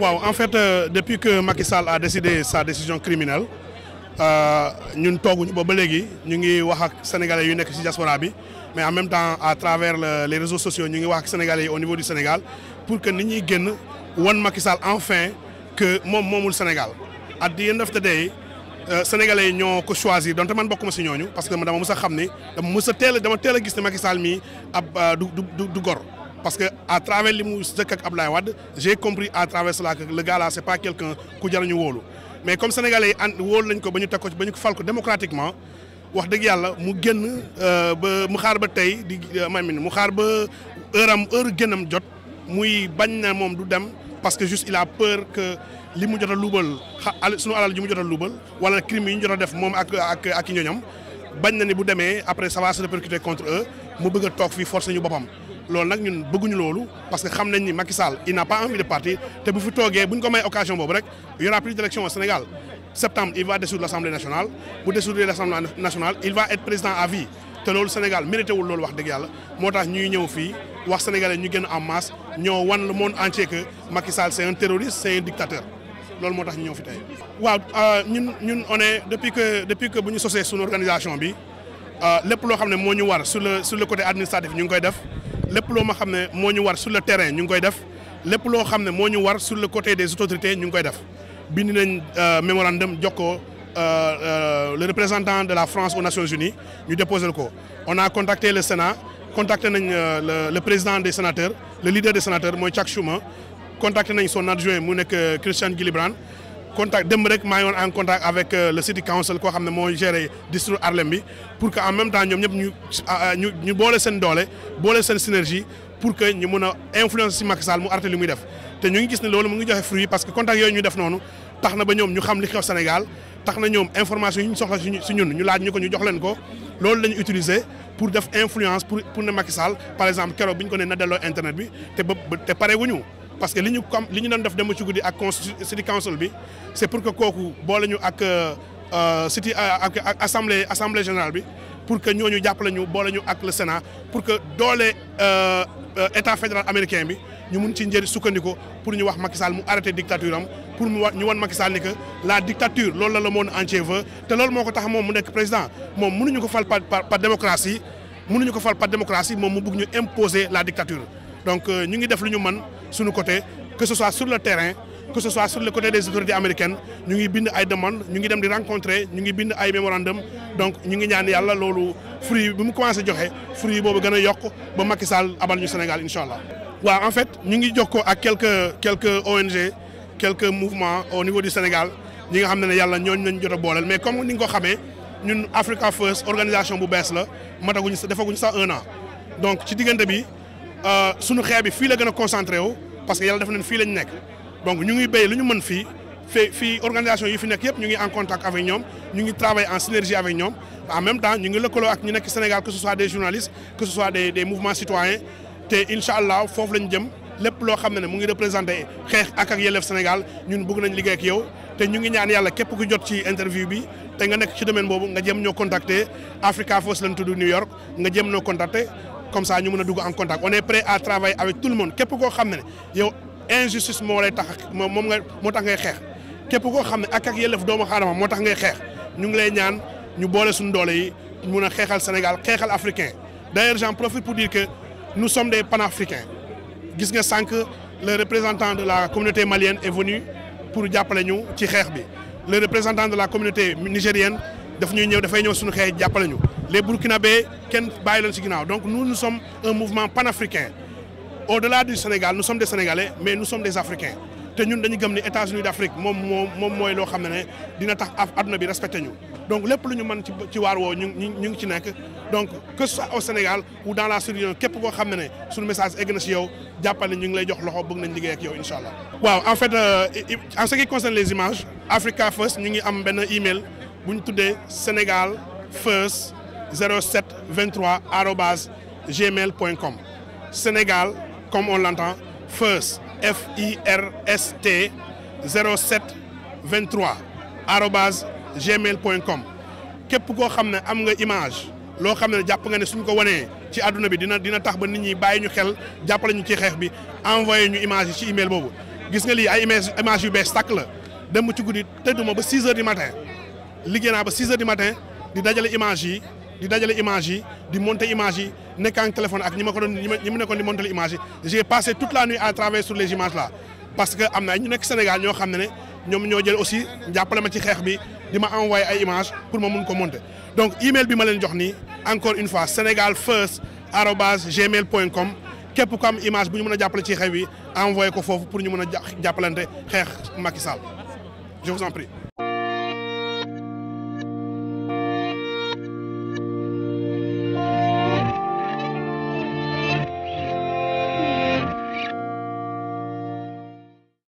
waaw en fait euh, depuis que Macky Sall a décidé sa décision criminelle euh, ñun tooguñu ba ba léegi ñu ngi wax ak sénégalais yu nekk ci diaspora bi mais en même temps à travers le, les réseaux sociaux ñu ngi wax ak sénégalais yi au niveau du Sénégal pour que ni ñuy génn wan Macky Sall enfin que moom moomul Sénégal at the end of the day euh, sénégalais yi ñoo ko choisir donte man bokkuma ci ñooñu parce que dama mës a xam ni dama mës a teel a teel gis ne Macky Sall mii ab euh, du du du gor. Parce que à travers les Wad, j'ai compris à travers cela que le gars-là, c'est pas quelqu'un qui a wolo. Mais comme Sénégalais, wolo l'enko, ben yutako, ben yutako démocratiquement, wax dëgg yàlla mu génn euh, ba mu xaar ba tey di euh, man mi mu xaar ba heure am génnam jot muy bañ na moom du dem parce que juste il a peur que li mu jot a luubal xa sunu alal ji mu jot a luubal wala crime yi ñu jot a def moom ak ak ak ñoñam bañ na ni bu demee après ça va mu bëgg a toog fii forcer ñu boppam. loolu nag ñun bëgguñu loolu parce que xam nañ ni Macky il n'a pas envie de partir te bu fi toogee bu ñu ko may occasion boobu rek y aura plus d'élection au Sénégal septembre il va dissoudre l'Assemblée nationale bu dissoudre l'Assemblée nationale il va être président à vie te loolu Sénégal mérité loolu wax dëgg yàlla moo tax ñuy ñëw fii wax sénégalais ñu gën en masse ñoo wan le monde en que Macky Sall c'est un terroriste c'est un dictateur loolu moo tax ñëw fi tey. waaw euh, ñun ñun on depuis que depuis que ñu sosee suñu organisation bi euh, lépp loo xam ne moo ñu war sur le sur le côté administratif ñu ngi koy def. lépp loo ma xam ne moo ñu war sur le terrain ñu ngi koy def lépp loo xam ne moo ñu war sur le côté des autorités ñu ngi koy def bind nañ euh, mémorandum jox ko euh, euh, le représentant de la France aux Nations Unies ñu déposé ko on a contacté le Sénat contacté nañ le président des sénateurs le leader des sénateurs mooy Chuck Schumer contacté nañ son adjoint mu nekk Christian Gillibrand contact démb rek maa ngi woon en contact avec euh, le city council koo xam ne moo géré district Harlem bi pour que en même temps ñoom ñëpp ñu ah, ah, boole seen doole boole seen synergie pour que ñu mën a influence si Macky mu arrêté li muy def te ñu ngi gis ne loolu mu ngi joxe fruit parce que contact yooyu ñu def noonu tax na ba ñoom ñu xam li xew Sénégal tax na ñoom information yi ñu soxla si ñun ñu laaj ñu ko ñu jox ko loolu la ñu utiliser pour def influence pour pour ne Macky Sall par exemple keroog bi ñu ko ne na delloo parce que li ñu comme li ñu doon def dem ci guddi ak city bi c'est pour que kooku boole ñu ak euh, city euh, ak assemblée assemblée générale bi pour que ñoo ñu jàppale ñu boole ñu ak le Sénat pour que doole euh, état fédéral américain bi ñu mun ci njër sukkandiku pour ñu wax Macky Sall mu arrêté dictature am pour mu ñu wan Macky Sall ni que la dictature loolu la le monde entier veut te loolu moo ko tax moom mu nekk président moom mënuñu ko fal par par démocratie mënuñu ko fal par démocratie moom mu bëgg ñu imposer la dictature ñu ngi def lu ñu mën sunu côté que ce soit sur le terrain que ce soit sur le côté des autorités américaines ñu ngi bind ay demande ñu ngi dem di rencontrer ñu ngi bind ay mémorandum donc ñu ngi ñaan yàlla loolu fruit bi mu commencé joxe fruit boobu gën a yokk ba Macky Sall abal ñu Sénégal incha allah. waaw en fet ñu ngi jokkoo ak quelques quelques ONG quelques mouvements au niveau du Sénégal ñi nga xam ne ne yàlla ñoo ñu jot a booleel mais comme ni nga ko xamee ñun Africa First organisation bu bees la mataguñ sa defaguñ sax un donc ci diggante bi. Euh, suñu xeex bi fii la gën a concentré wu parce que yàlla def nañ fii lañ nekk donc ñu ngi béy lu ñu mën fii fii fii organisation yi fi nekk yëpp ñu ngi en contact avec ñoom ñu ngi travaille en synergie avec ñoom même temps ñu ngi lëkkaloo ak ñu nekk Sénégal que ce soit des journalistes que ce soit des des mouvements te incha allah foofu lañ jëm lépp loo xam ne ne mu ngi représenté xeex ak ak yelleef Sénégal ñun bëgg nañ liggéey ak yow te ñu ngi ñaan yàlla képp ku jot ci interview bi te nga nekk ci domaine boobu nga jëm ñoo contacter Africa First lañ tudd New York nga jëm ñoo contacter comme ça ñu mën a dugg en contact on est prêt à travailler avec tout le monde képp koo xam ne yow injustice moo lay tax moom nga moo tax ngay xeex képp koo xam ne ak ak yelleef doomu aadama moo tax ngay xeex ñu ngi lay ñaan ñu boole suñu doole yi mun a xeexal Sénégal xeexal africain d'ailleurs j'en profite pour dire que nous sommes des panafricains gis nga sànq le représentant de la communauté malienne est venu pour jàppale ñu ci xeex bi le représentant de la communauté nigérienne daf ñuy ñëw dafa ñëw suñu xëy jàppale ñu les burkinabé kenn bàyyi leen si ginnaaw donc nous nous sommes un mouvement panafricain au-delà du Sénégal nous sommes des Sénégalais mais nous sommes des Africains te ñun dañu gëm moom moo moom mooy loo xam ne ne dina tax adduna bi respecté ñu donc lépp lu ñu mën ci ci waar woo ñu ñu ngi ci nekk donc que ce soit au Sénégal ou la sous képp koo xam ne ne suñu message egg na si yow jàppal ñu ngi lay jox loxo bëgg nañ liggéey ak yow incha allah. waaw en fait euh, en ce qui concerne les images Africa First ñu ngi am benn email. bu ñu tuddee sénégal feus 07 23 arobase gmail point sénégal comme on l'entend first f i r s t 07 23 arobase gmail point com képp koo xam ne am nga image loo xam ne jàpp nga ne suñ ko wanee ci àdduna bi dina dina tax ba nit ñi bàyyi ñu xel jàppale ñu ci xeex bi envoyé ñu image yi ci email boobu gis nga lii ay image image yu bees tàkk la dem ci guddi tëdduma ba 6 heures du matin liggéey naa ba 6 heures du matin di dajale image yi di dajale image yi di monter image yi nekk en téléphone ak ñi ma ko doon ñi mu nekkoon di monter image yi j'ai passé toute la nuit à travailler sur les images là parce que am na ñu nekk Sénégal ñoo xam ne ne ñoom ñoo jël aussi jàppale ma ci xeex bi di ma envoyé a image pour ma mun ko monter donc email bi ma leen jox ni encore une fois Sénégal first arobase gmail point com képp ku am image bu ñu mën a jàppale ci xeex bi envoyé ko foofu pour ñu mën a jàppalante xeex Macky Sall je vous en